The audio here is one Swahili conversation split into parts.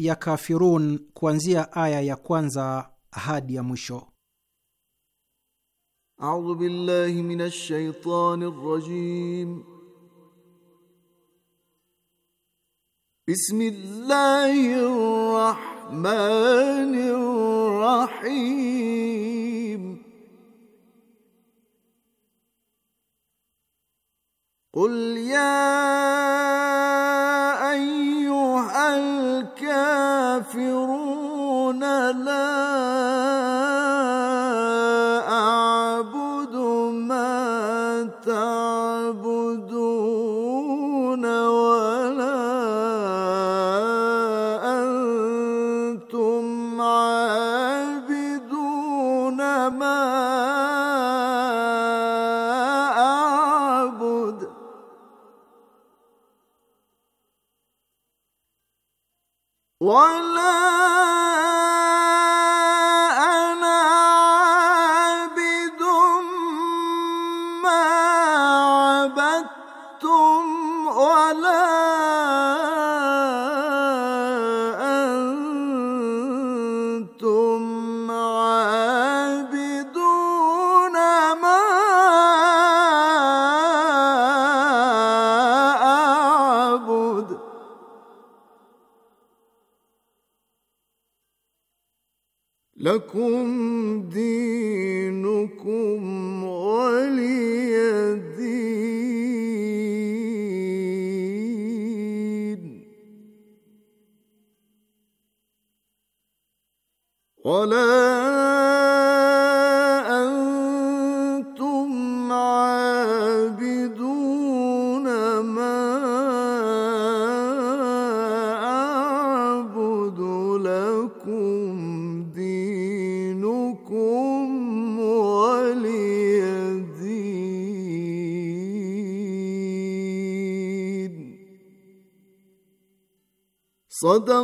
ya Kafirun kuanzia aya ya kwanza hadi ya mwisho. A'udhu billahi minash shaitani rajim. Bismillahir rahmanir rahim. Qul ya نعبد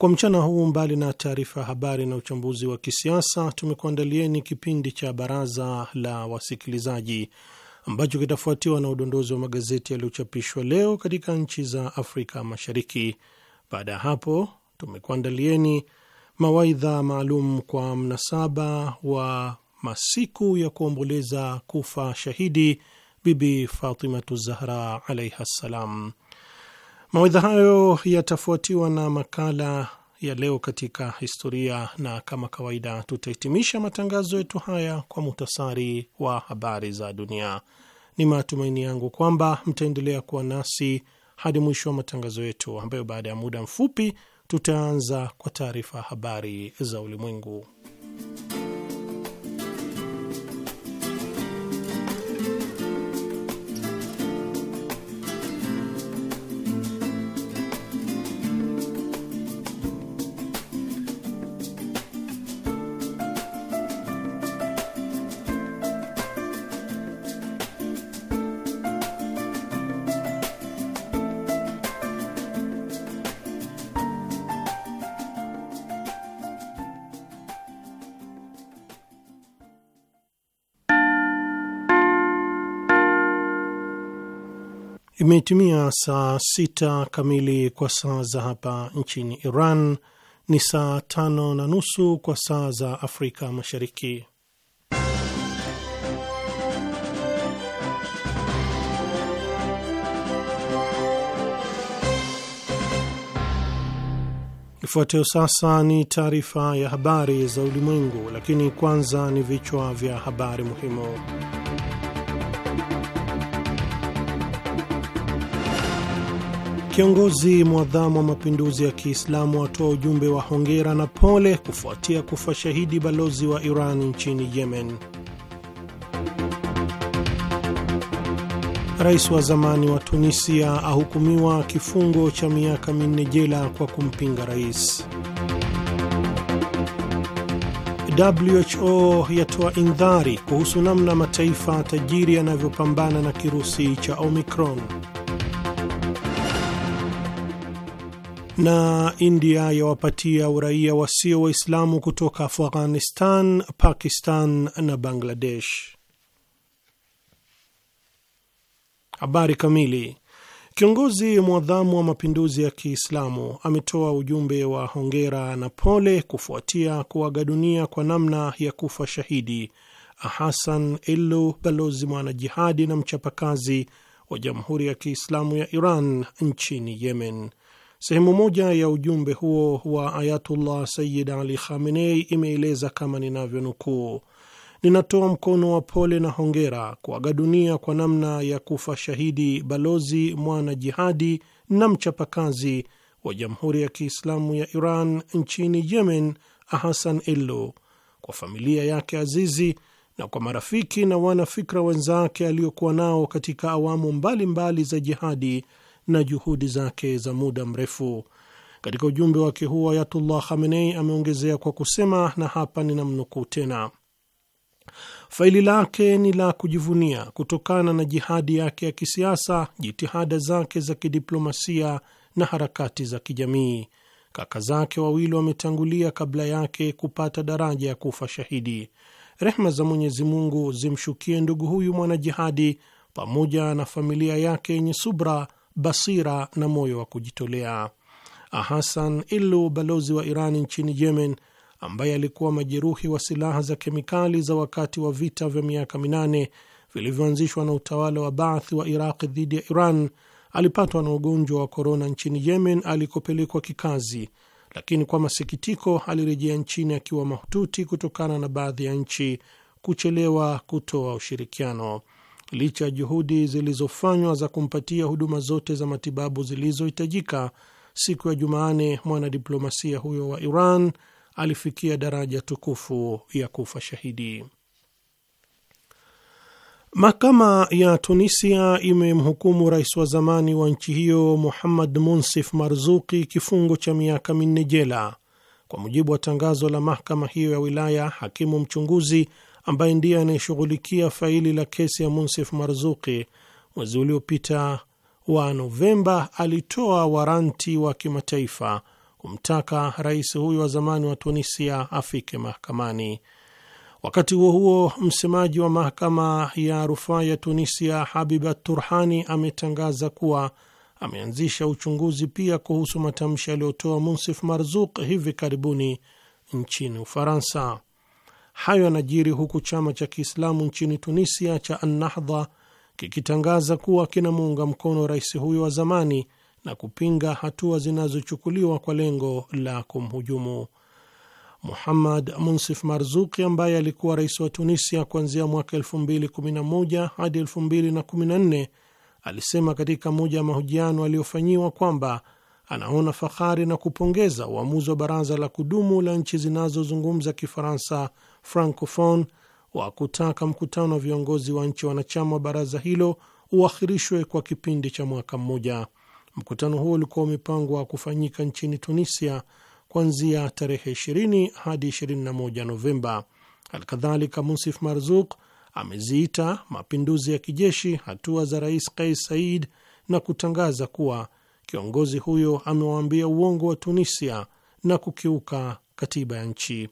Kwa mchana huu, mbali na taarifa ya habari na uchambuzi wa kisiasa, tumekuandalieni kipindi cha baraza la wasikilizaji ambacho kitafuatiwa na udondozi wa magazeti yaliyochapishwa leo katika nchi za Afrika Mashariki. Baada ya hapo, tumekuandalieni mawaidha maalum kwa mnasaba wa masiku ya kuomboleza kufa shahidi Bibi Fatimatu Zahra alaihi ssalam. Mawaidha hayo yatafuatiwa na makala ya leo katika historia, na kama kawaida tutahitimisha matangazo yetu haya kwa muhtasari wa habari za dunia. Ni matumaini yangu kwamba mtaendelea kuwa nasi hadi mwisho wa matangazo yetu, ambayo baada ya muda mfupi tutaanza kwa taarifa habari za ulimwengu. Imetimia saa sita kamili kwa saa za hapa nchini Iran, ni saa tano na nusu kwa saa za Afrika Mashariki. Ifuatayo sasa ni taarifa ya habari za ulimwengu, lakini kwanza ni vichwa vya habari muhimu. Kiongozi mwadhamu wa mapinduzi ya Kiislamu atoa ujumbe wa hongera na pole kufuatia kufa shahidi balozi wa Iran nchini Yemen. Rais wa zamani wa Tunisia ahukumiwa kifungo cha miaka minne jela kwa kumpinga rais. WHO yatoa indhari kuhusu namna mataifa tajiri yanavyopambana na kirusi cha Omicron. na India yawapatia uraia wasio Waislamu kutoka Afghanistan, Pakistan na Bangladesh. Habari kamili. Kiongozi mwadhamu wa mapinduzi ya Kiislamu ametoa ujumbe wa hongera na pole kufuatia kuaga dunia kwa namna ya kufa shahidi Hasan Ilu, balozi mwanajihadi na mchapakazi wa Jamhuri ya Kiislamu ya Iran nchini Yemen. Sehemu moja ya ujumbe huo wa Ayatullah Sayyid Ali Khamenei imeeleza kama ninavyonukuu: Ninatoa mkono wa pole na hongera kuaga dunia kwa namna ya kufa shahidi balozi mwana jihadi na mchapakazi wa Jamhuri ya Kiislamu ya Iran nchini Yemen, Hasan Ello, kwa familia yake azizi na kwa marafiki na wanafikra wenzake aliokuwa nao katika awamu mbalimbali mbali za jihadi na juhudi zake za muda mrefu. Katika ujumbe wake huo, Ayatullah Khamenei ameongezea kwa kusema, na hapa ninamnukuu tena: faili lake ni la kujivunia kutokana na jihadi yake ya kisiasa, jitihada zake za kidiplomasia na harakati za kijamii. Kaka zake wawili wametangulia kabla yake kupata daraja ya kufa shahidi. Rehma za Mwenyezi Mungu zimshukie ndugu huyu mwanajihadi pamoja na familia yake yenye subra basira na moyo wa kujitolea. Hasan Ilu, balozi wa Iran nchini Yemen, ambaye alikuwa majeruhi wa silaha za kemikali za wakati wa vita vya miaka minane vilivyoanzishwa na utawala wa Baath wa Iraq dhidi ya Iran, alipatwa na ugonjwa wa korona nchini Yemen alikopelekwa kikazi, lakini kwa masikitiko alirejea nchini akiwa mahututi kutokana na baadhi ya nchi kuchelewa kutoa ushirikiano licha ya juhudi zilizofanywa za kumpatia huduma zote za matibabu zilizohitajika. Siku ya jumanne mwanadiplomasia huyo wa Iran alifikia daraja tukufu ya kufa shahidi. Mahakama ya Tunisia imemhukumu rais wa zamani wa nchi hiyo Muhammad Munsif Marzuki kifungo cha miaka minne jela. Kwa mujibu wa tangazo la mahakama hiyo ya wilaya, hakimu mchunguzi ambaye ndiye anayeshughulikia faili la kesi ya Munsif Marzuki, mwezi uliopita wa Novemba alitoa waranti wa kimataifa kumtaka rais huyo wa zamani wa Tunisia afike mahakamani. Wakati huo huo, msemaji wa mahakama ya rufaa ya Tunisia Habiba Turhani ametangaza kuwa ameanzisha uchunguzi pia kuhusu matamshi aliyotoa Munsif Marzuk hivi karibuni nchini Ufaransa. Hayo yanajiri huku chama cha Kiislamu nchini Tunisia cha Annahdha kikitangaza kuwa kinamuunga mkono rais huyo wa zamani na kupinga hatua zinazochukuliwa kwa lengo la kumhujumu. Muhammad Munsif Marzuki ambaye alikuwa rais wa Tunisia kuanzia mwaka 2011 hadi 2014 alisema katika moja ya mahojiano aliyofanyiwa kwamba anaona fahari na kupongeza uamuzi wa baraza la kudumu la nchi zinazozungumza Kifaransa Francophone wa kutaka mkutano wa viongozi wa nchi wanachama wa baraza hilo uahirishwe kwa kipindi cha mwaka mmoja. Mkutano huo ulikuwa umepangwa kufanyika nchini Tunisia kuanzia tarehe 20 hadi 21 Novemba. Alkadhalika, Musif Marzuk ameziita mapinduzi ya kijeshi hatua za Rais Kais said na kutangaza kuwa kiongozi huyo amewaambia uongo wa Tunisia na kukiuka katiba ya nchi.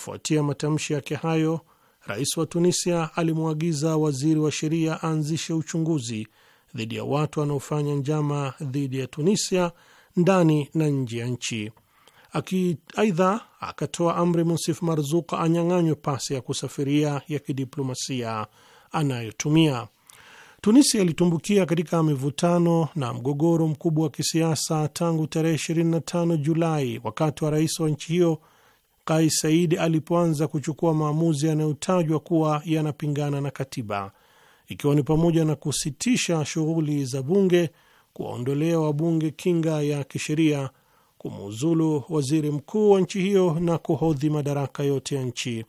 Kufuatia matamshi yake hayo, rais wa Tunisia alimwagiza waziri wa sheria aanzishe uchunguzi dhidi ya watu wanaofanya njama dhidi ya Tunisia ndani na nje ya nchi. Aidha, akatoa amri Munsif marzuka anyang'anywe pasi ya kusafiria ya kidiplomasia anayotumia. Tunisia ilitumbukia katika mivutano na mgogoro mkubwa wa kisiasa tangu tarehe 25 Julai, wakati wa rais wa nchi hiyo Kais Saidi alipoanza kuchukua maamuzi yanayotajwa kuwa yanapingana na katiba, ikiwa ni pamoja na kusitisha shughuli za bunge, kuwaondolea wabunge kinga ya kisheria, kumuuzulu waziri mkuu wa nchi hiyo na kuhodhi madaraka yote ya nchi.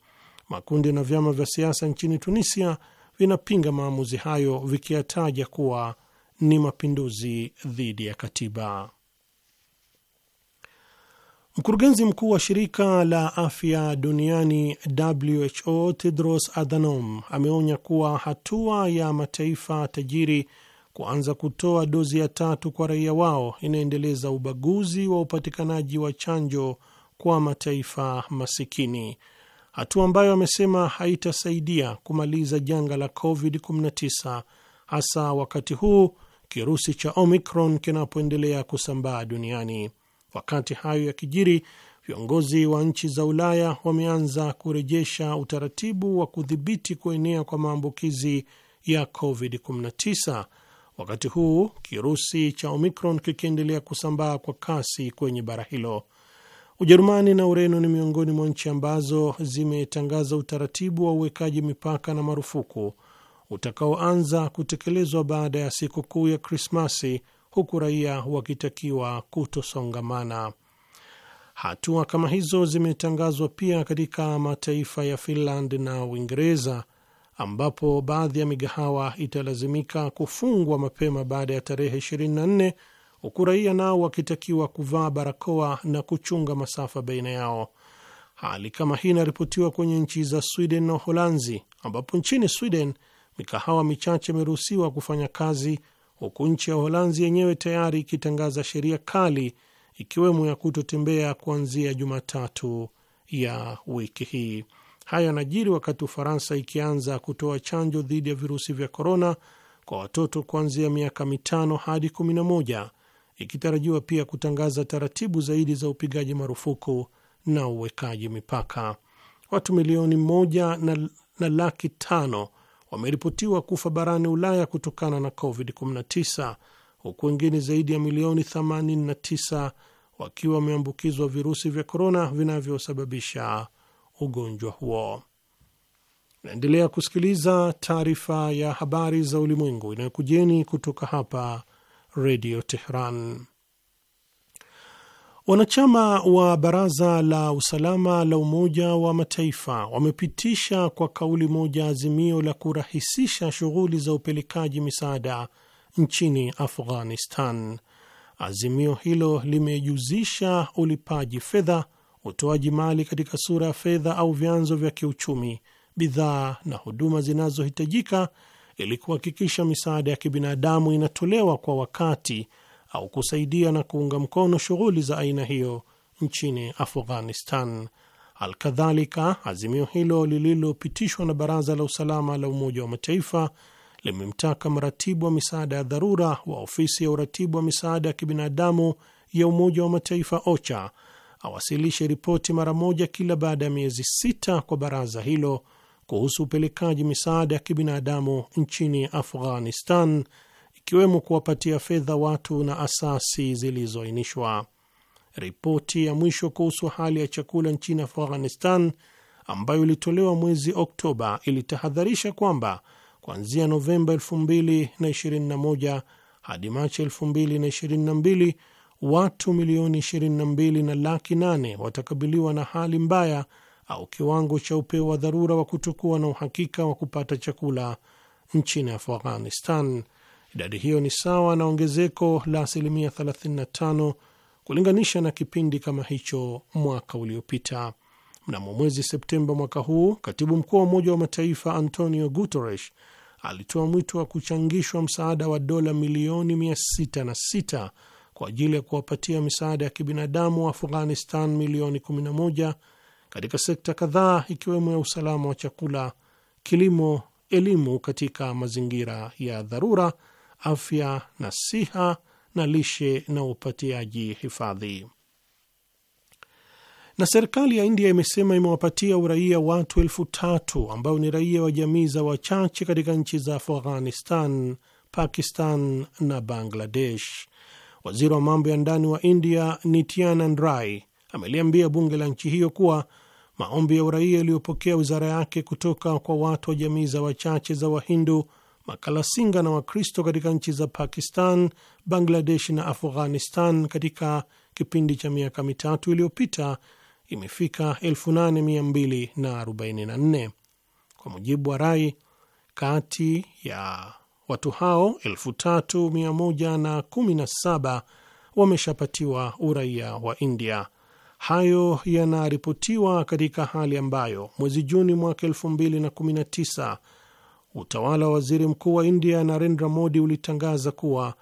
Makundi na vyama vya siasa nchini Tunisia vinapinga maamuzi hayo vikiyataja kuwa ni mapinduzi dhidi ya katiba. Mkurugenzi mkuu wa shirika la afya duniani WHO Tedros Adhanom ameonya kuwa hatua ya mataifa tajiri kuanza kutoa dozi ya tatu kwa raia wao inaendeleza ubaguzi wa upatikanaji wa chanjo kwa mataifa masikini, hatua ambayo amesema haitasaidia kumaliza janga la COVID-19 hasa wakati huu kirusi cha Omicron kinapoendelea kusambaa duniani. Wakati hayo yakijiri, viongozi wa nchi za Ulaya wameanza kurejesha utaratibu wa kudhibiti kuenea kwa maambukizi ya COVID-19, wakati huu kirusi cha Omicron kikiendelea kusambaa kwa kasi kwenye bara hilo. Ujerumani na Ureno ni miongoni mwa nchi ambazo zimetangaza utaratibu wa uwekaji mipaka na marufuku utakaoanza kutekelezwa baada ya siku kuu ya Krismasi huku raia wakitakiwa kutosongamana. Hatua kama hizo zimetangazwa pia katika mataifa ya Finland na Uingereza, ambapo baadhi ya migahawa italazimika kufungwa mapema baada ya tarehe 24 huku raia nao wakitakiwa kuvaa barakoa na kuchunga masafa baina yao. Hali kama hii inaripotiwa kwenye nchi za Sweden na Uholanzi, ambapo nchini Sweden mikahawa michache imeruhusiwa kufanya kazi huku nchi ya Uholanzi yenyewe tayari ikitangaza sheria kali ikiwemo ya kutotembea kuanzia Jumatatu ya wiki hii. haya yanajiri wakati Ufaransa ikianza kutoa chanjo dhidi ya virusi vya korona kwa watoto kuanzia miaka mitano hadi kumi na moja, ikitarajiwa pia kutangaza taratibu zaidi za upigaji marufuku na uwekaji mipaka. Watu milioni moja na, na laki tano wameripotiwa kufa barani Ulaya kutokana na COVID-19 huku wengine zaidi ya milioni 89 wakiwa wameambukizwa virusi vya korona vinavyosababisha ugonjwa huo. Naendelea kusikiliza taarifa ya habari za ulimwengu inayokujeni kutoka hapa Redio teheran Wanachama wa Baraza la Usalama la Umoja wa Mataifa wamepitisha kwa kauli moja azimio la kurahisisha shughuli za upelekaji misaada nchini Afghanistan. Azimio hilo limejuzisha ulipaji fedha, utoaji mali katika sura ya fedha au vyanzo vya kiuchumi, bidhaa na huduma zinazohitajika ili kuhakikisha misaada ya kibinadamu inatolewa kwa wakati au kusaidia na kuunga mkono shughuli za aina hiyo nchini Afghanistan. Alkadhalika, azimio hilo lililopitishwa na Baraza la Usalama la Umoja wa Mataifa limemtaka mratibu wa misaada ya dharura wa ofisi ya uratibu wa misaada ya kibinadamu ya Umoja wa Mataifa OCHA awasilishe ripoti mara moja kila baada ya miezi sita kwa baraza hilo kuhusu upelekaji misaada ya kibinadamu nchini Afghanistan ikiwemo kuwapatia fedha watu na asasi zilizoainishwa. Ripoti ya mwisho kuhusu hali ya chakula nchini Afghanistan ambayo ilitolewa mwezi Oktoba ilitahadharisha kwamba kuanzia Novemba 2021 hadi Machi 2022 watu milioni 22 na laki 8 watakabiliwa na hali mbaya au kiwango cha upeo wa dharura wa kutokuwa na uhakika wa kupata chakula nchini Afghanistan. Idadi hiyo ni sawa na ongezeko la asilimia 35 kulinganisha na kipindi kama hicho mwaka uliopita. Mnamo mwezi Septemba mwaka huu, katibu mkuu wa Umoja wa Mataifa Antonio Guterres alitoa mwito wa kuchangishwa msaada wa dola milioni 606 kwa ajili ya kuwapatia misaada ya kibinadamu wa Afghanistan milioni 11 katika sekta kadhaa ikiwemo ya usalama wa chakula, kilimo, elimu katika mazingira ya dharura afya na siha na lishe na upatiaji hifadhi. Na serikali ya India imesema imewapatia uraia watu elfu tatu ambao ni raia wa jamii za wachache katika nchi za Afghanistan, Pakistan na Bangladesh. Waziri wa mambo ya ndani wa India Nityanand Rai ameliambia bunge la nchi hiyo kuwa maombi ya uraia yaliyopokea wizara yake kutoka kwa watu wa jamii za wachache za Wahindu makalasinga na Wakristo katika nchi za Pakistan, Bangladesh na Afghanistan katika kipindi cha miaka mitatu iliyopita imefika 8244 kwa mujibu wa rai. Kati ya watu hao 3117 wameshapatiwa uraia wa India. Hayo yanaripotiwa katika hali ambayo mwezi Juni mwaka 2019 utawala wa waziri mkuu wa India Narendra Modi ulitangaza kuwa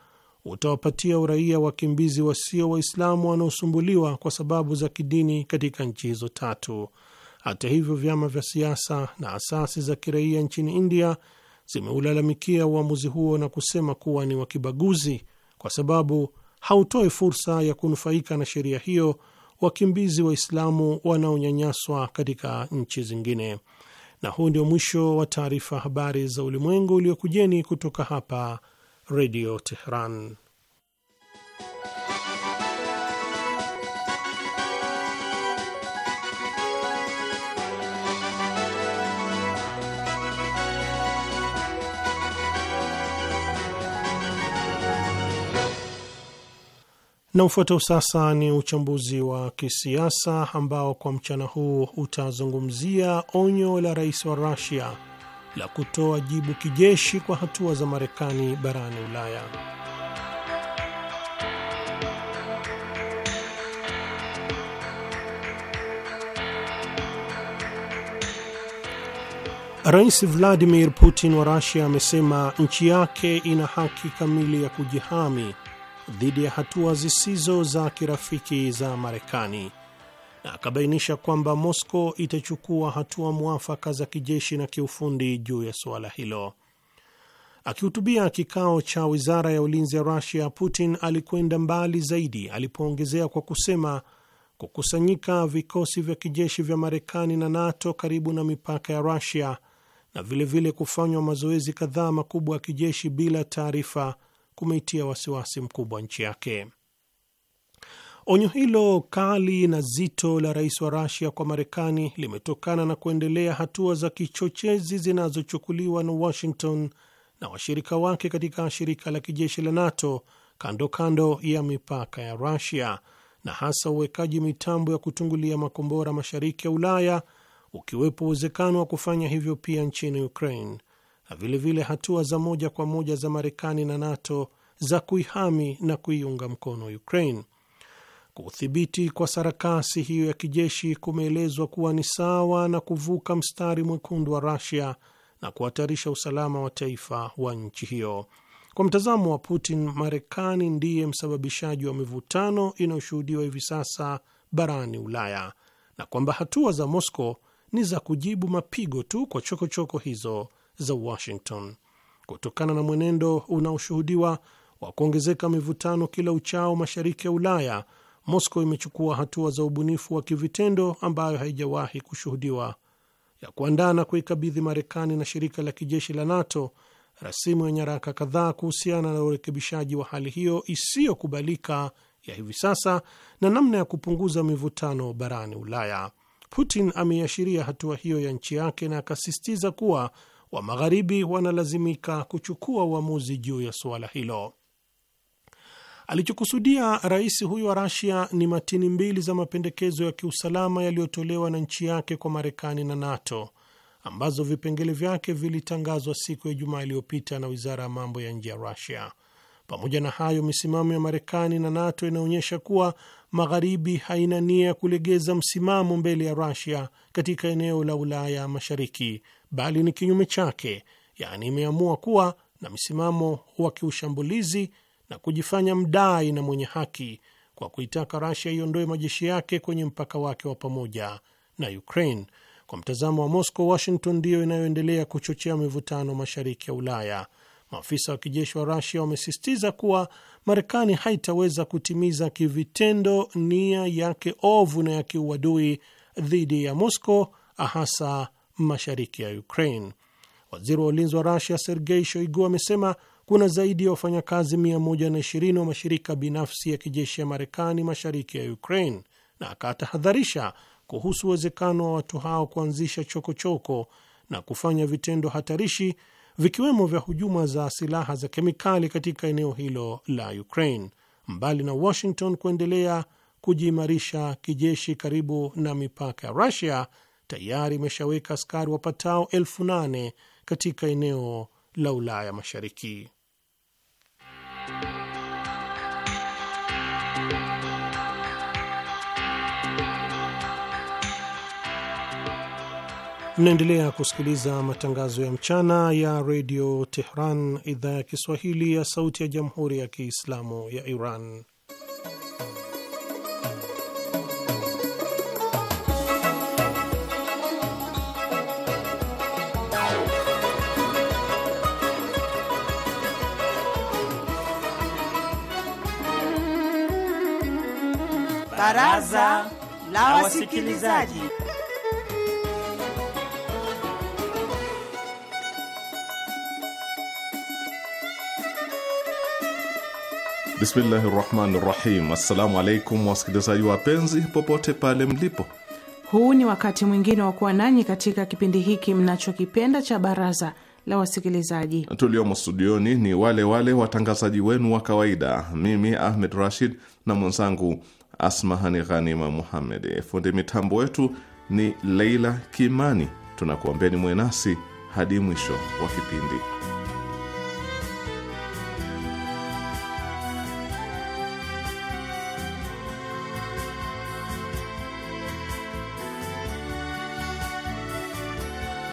utawapatia uraia wakimbizi wasio Waislamu wanaosumbuliwa kwa sababu za kidini katika nchi hizo tatu. Hata hivyo, vyama vya siasa na asasi za kiraia nchini India zimeulalamikia uamuzi huo na kusema kuwa ni wakibaguzi kwa sababu hautoe fursa ya kunufaika na sheria hiyo wakimbizi Waislamu wanaonyanyaswa katika nchi zingine. Na huu ndio mwisho wa taarifa habari za ulimwengu uliokujeni kutoka hapa Redio Teheran. Na ufuatao sasa ni uchambuzi wa kisiasa ambao kwa mchana huu utazungumzia onyo la rais wa Russia la kutoa jibu kijeshi kwa hatua za Marekani barani Ulaya. Rais Vladimir Putin wa Russia amesema nchi yake ina haki kamili ya kujihami dhidi ya hatua zisizo za kirafiki za Marekani na akabainisha kwamba Moscow itachukua hatua mwafaka za kijeshi na kiufundi juu ya suala hilo. Akihutubia kikao cha wizara ya ulinzi ya Rusia, Putin alikwenda mbali zaidi alipoongezea kwa kusema kukusanyika vikosi vya kijeshi vya Marekani na NATO karibu na mipaka ya Rusia na vilevile kufanywa mazoezi kadhaa makubwa ya kijeshi bila taarifa kumeitia wasiwasi mkubwa nchi yake. Onyo hilo kali na zito la rais wa Rasia kwa Marekani limetokana na kuendelea hatua za kichochezi zinazochukuliwa na Washington na washirika wake katika shirika la kijeshi la NATO kando kando ya mipaka ya Rasia na hasa uwekaji mitambo ya kutungulia makombora mashariki ya Ulaya, ukiwepo uwezekano wa kufanya hivyo pia nchini Ukraine, na vilevile hatua za moja kwa moja za Marekani na NATO za kuihami na kuiunga mkono Ukraine. Kuthibiti kwa sarakasi hiyo ya kijeshi kumeelezwa kuwa ni sawa na kuvuka mstari mwekundu wa rasia na kuhatarisha usalama wa taifa wa nchi hiyo. Kwa mtazamo wa Putin, Marekani ndiye msababishaji wa mivutano inayoshuhudiwa hivi sasa barani Ulaya na kwamba hatua za Moscow ni za kujibu mapigo tu kwa chokochoko choko hizo za Washington kutokana na mwenendo unaoshuhudiwa wa kuongezeka mivutano kila uchao mashariki ya Ulaya. Moscow imechukua hatua za ubunifu wa kivitendo ambayo haijawahi kushuhudiwa ya kuandaa na kuikabidhi Marekani na shirika la kijeshi la NATO rasimu ya nyaraka kadhaa kuhusiana na urekebishaji wa hali hiyo isiyokubalika ya hivi sasa na namna ya kupunguza mivutano barani Ulaya. Putin ameiashiria hatua hiyo ya nchi yake na akasisitiza kuwa wa Magharibi wanalazimika kuchukua uamuzi juu ya suala hilo. Alichokusudia rais huyo wa Rasia ni matini mbili za mapendekezo ya kiusalama yaliyotolewa na nchi yake kwa Marekani na NATO ambazo vipengele vyake vilitangazwa siku ya Ijumaa iliyopita na wizara ya mambo ya nje ya Rusia. Pamoja na hayo, misimamo ya Marekani na NATO inaonyesha kuwa Magharibi haina nia ya kulegeza msimamo mbele ya Rusia katika eneo la Ulaya Mashariki, bali ni kinyume chake, yaani imeamua kuwa na msimamo wa kiushambulizi na kujifanya mdai na mwenye haki kwa kuitaka Russia iondoe majeshi yake kwenye mpaka wake wa pamoja na Ukraine. Kwa mtazamo wa Moscow, Washington ndiyo inayoendelea kuchochea mivutano mashariki ya Ulaya. Maafisa wa kijeshi wa Russia wamesisitiza kuwa Marekani haitaweza kutimiza kivitendo nia yake ovu na ya kiuadui dhidi ya Moscow, hasa mashariki ya Ukraine. Waziri wa ulinzi wa Rusia Sergei Shoigu amesema kuna zaidi ya wafanyakazi 120 wa mashirika binafsi ya kijeshi ya Marekani mashariki ya Ukraine, na akatahadharisha kuhusu uwezekano wa watu hao kuanzisha chokochoko na kufanya vitendo hatarishi vikiwemo vya hujuma za silaha za kemikali katika eneo hilo la Ukraine. Mbali na Washington kuendelea kujiimarisha kijeshi karibu na mipaka ya Rusia, tayari imeshaweka askari wapatao elfu nane katika eneo la Ulaya Mashariki. Mnaendelea kusikiliza matangazo ya mchana ya redio Tehran, idhaa ya Kiswahili ya sauti ya jamhuri ya kiislamu ya Iran. Baraza la Wasikilizaji. Bismillahi rahmani rahim. Assalamu alaikum wasikilizaji wapenzi, popote pale mlipo, huu ni wakati mwingine wa kuwa nanyi katika kipindi hiki mnachokipenda cha Baraza la Wasikilizaji. Tuliomo studioni ni wale wale watangazaji wenu wa kawaida, mimi Ahmed Rashid na mwenzangu Asmahani Ghanima Muhammedi. Fundi mitambo wetu ni Leila Kimani. Tunakuombeni mwenasi hadi mwisho wa kipindi.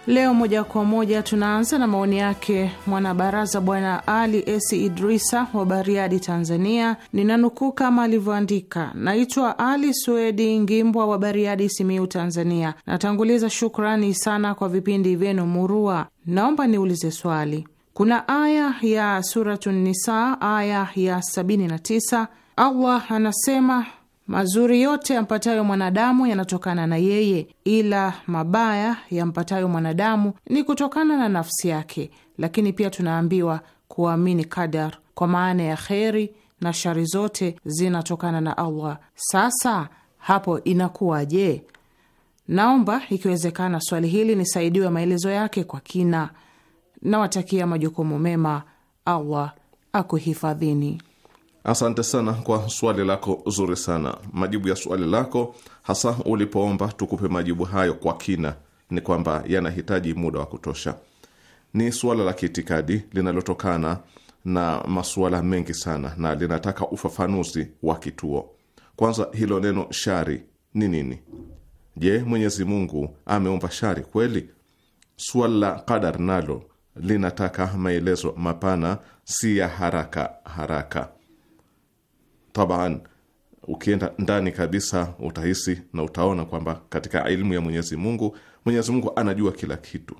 Leo moja kwa moja tunaanza na maoni yake mwanabaraza Bwana Ali Esi Idrisa wa Bariadi, Tanzania. Ninanukuu kama alivyoandika: naitwa Ali Suedi Ngimbwa wa Bariadi, Simiu, Tanzania. Natanguliza shukrani sana kwa vipindi vyenu murua. Naomba niulize swali, kuna aya ya Suratun Nisa aya ya 79 Allah anasema Mazuri yote yampatayo mwanadamu yanatokana na yeye, ila mabaya yampatayo mwanadamu ni kutokana na nafsi yake. Lakini pia tunaambiwa kuamini kadar, kwa maana ya kheri na shari zote zinatokana na Allah. Sasa hapo inakuwaje? Naomba ikiwezekana swali hili nisaidiwe maelezo yake kwa kina. Nawatakia majukumu mema. Allah akuhifadhini. Asante sana kwa swali lako zuri sana. Majibu ya swali lako hasa ulipoomba tukupe majibu hayo kwa kina ni kwamba yanahitaji muda wa kutosha. Ni suala la kiitikadi linalotokana na masuala mengi sana na linataka ufafanuzi wa kituo. Kwanza, hilo neno shari ni nini? Je, Mwenyezi Mungu ameumba shari kweli? Suala la qadar nalo linataka maelezo mapana, si ya haraka haraka. Taban, ukienda ndani kabisa utahisi na utaona kwamba katika elimu ya Mwenyezi Mungu, Mwenyezi Mungu anajua kila kitu.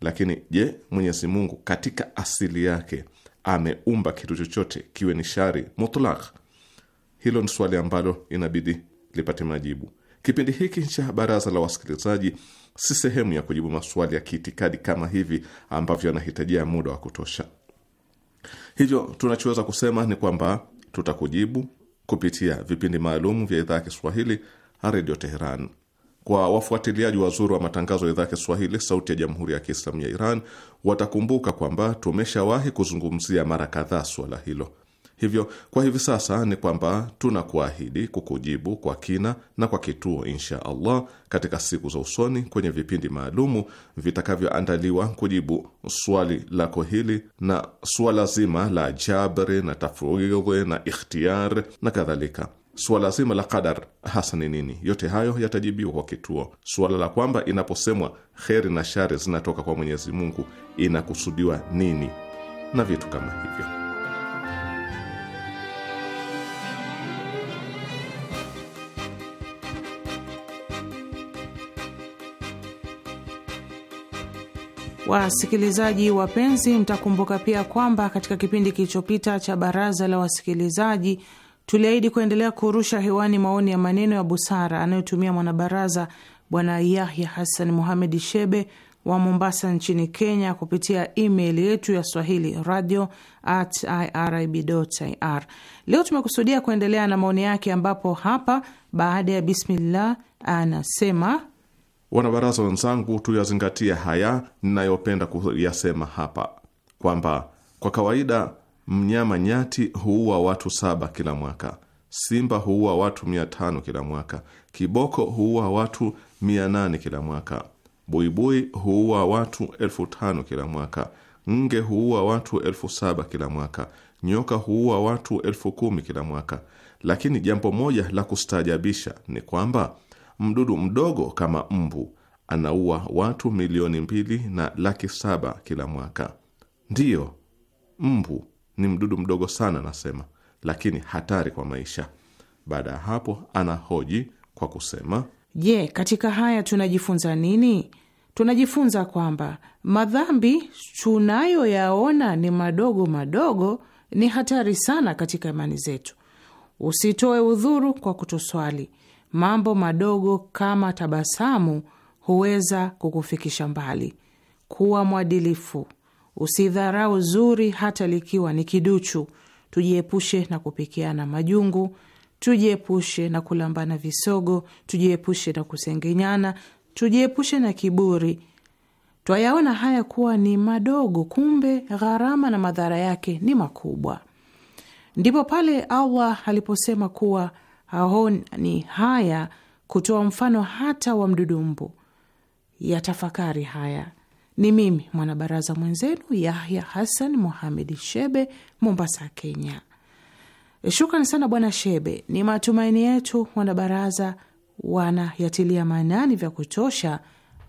Lakini je, Mwenyezi Mungu katika asili yake ameumba kitu chochote kiwe ni shari mutlaq? Hilo ni swali ambalo inabidi lipate majibu. Kipindi hiki cha Baraza la Wasikilizaji si sehemu ya kujibu maswali ya kiitikadi kama hivi ambavyo yanahitajia muda wa kutosha. Hivyo tunachoweza kusema ni kwamba tutakujibu kupitia vipindi maalum vya idhaa ya Kiswahili Redio Teheran. Kwa wafuatiliaji wazuri wa matangazo ya idhaa ya Kiswahili sauti ya jamhuri ya Kiislamu ya Iran watakumbuka kwamba tumeshawahi kuzungumzia mara kadhaa suala hilo. Hivyo kwa hivi sasa ni kwamba tunakuahidi kukujibu kwa kina na kwa kituo, insha Allah, katika siku za usoni kwenye vipindi maalumu vitakavyoandaliwa kujibu swali lako hili na suala zima la jabri na tafwidhi na ikhtiar na kadhalika. Suala zima la qadar hasa ni nini? Yote hayo yatajibiwa kwa kituo. Suala la kwamba inaposemwa kheri na shari zinatoka kwa Mwenyezi Mungu inakusudiwa nini na vitu kama hivyo. Wasikilizaji wapenzi, mtakumbuka pia kwamba katika kipindi kilichopita cha baraza la wasikilizaji tuliahidi kuendelea kurusha hewani maoni ya maneno ya busara anayotumia mwanabaraza Bwana Yahya Hassan Muhamed Shebe wa Mombasa nchini Kenya kupitia email yetu ya swahili radio at irib.ir. Leo tumekusudia kuendelea na maoni yake, ambapo hapa baada ya bismillah anasema Wanabaraza wenzangu, tuyazingatia haya ninayopenda kuyasema hapa kwamba kwa kawaida mnyama nyati huua watu saba kila mwaka, simba huua watu mia tano kila mwaka, kiboko huua watu mia nane kila mwaka, buibui huua watu elfu tano kila mwaka, nge huua watu elfu saba kila mwaka, nyoka huua watu elfu kumi kila mwaka. Lakini jambo moja la kustaajabisha ni kwamba mdudu mdogo kama mbu anaua watu milioni mbili na laki saba kila mwaka. Ndiyo, mbu ni mdudu mdogo sana, anasema lakini hatari kwa maisha. Baada ya hapo, anahoji kwa kusema, je, katika haya tunajifunza nini? Tunajifunza kwamba madhambi tunayoyaona ni madogo madogo ni hatari sana katika imani zetu. Usitoe udhuru kwa kutoswali mambo madogo kama tabasamu huweza kukufikisha mbali. Kuwa mwadilifu, usidharau zuri hata likiwa ni kiduchu. Tujiepushe na kupikiana majungu, tujiepushe na kulambana visogo, tujiepushe na kusengenyana, tujiepushe na kiburi. Twayaona haya kuwa ni madogo, kumbe gharama na madhara yake ni makubwa. Ndipo pale Allah aliposema kuwa haoni haya kutoa mfano hata wa mdudu mbu. tafakari haya. Ni mimi mwanabaraza mwenzenu Yahya Hassan muhamed Shebe, Mombasa, Kenya. Shukran sana Bwana Shebe. Ni matumaini yetu wanabaraza wanayatilia maanani vya kutosha